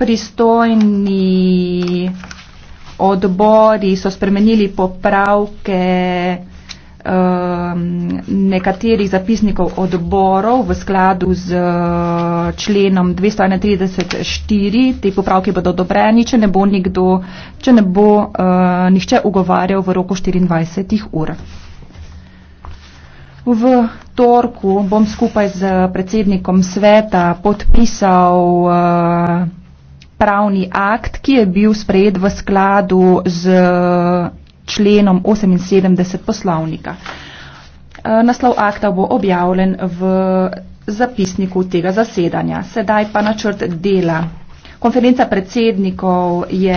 pristojni odbori so spremenili popravke um, nekaterih zapisnikov odborov v skladu z uh, členom 234. Te popravke bodo odobreni, če ne bo, nikdo, če ne bo uh, nihče ugovarjal v roku 24 ur. V torku bom skupaj z predsednikom sveta podpisal uh, pravni akt, ki je bil sprejet v skladu z členom 78 poslovnika. E, naslov akta bo objavljen v zapisniku tega zasedanja. Sedaj pa načrt dela. Konferenca predsednikov je.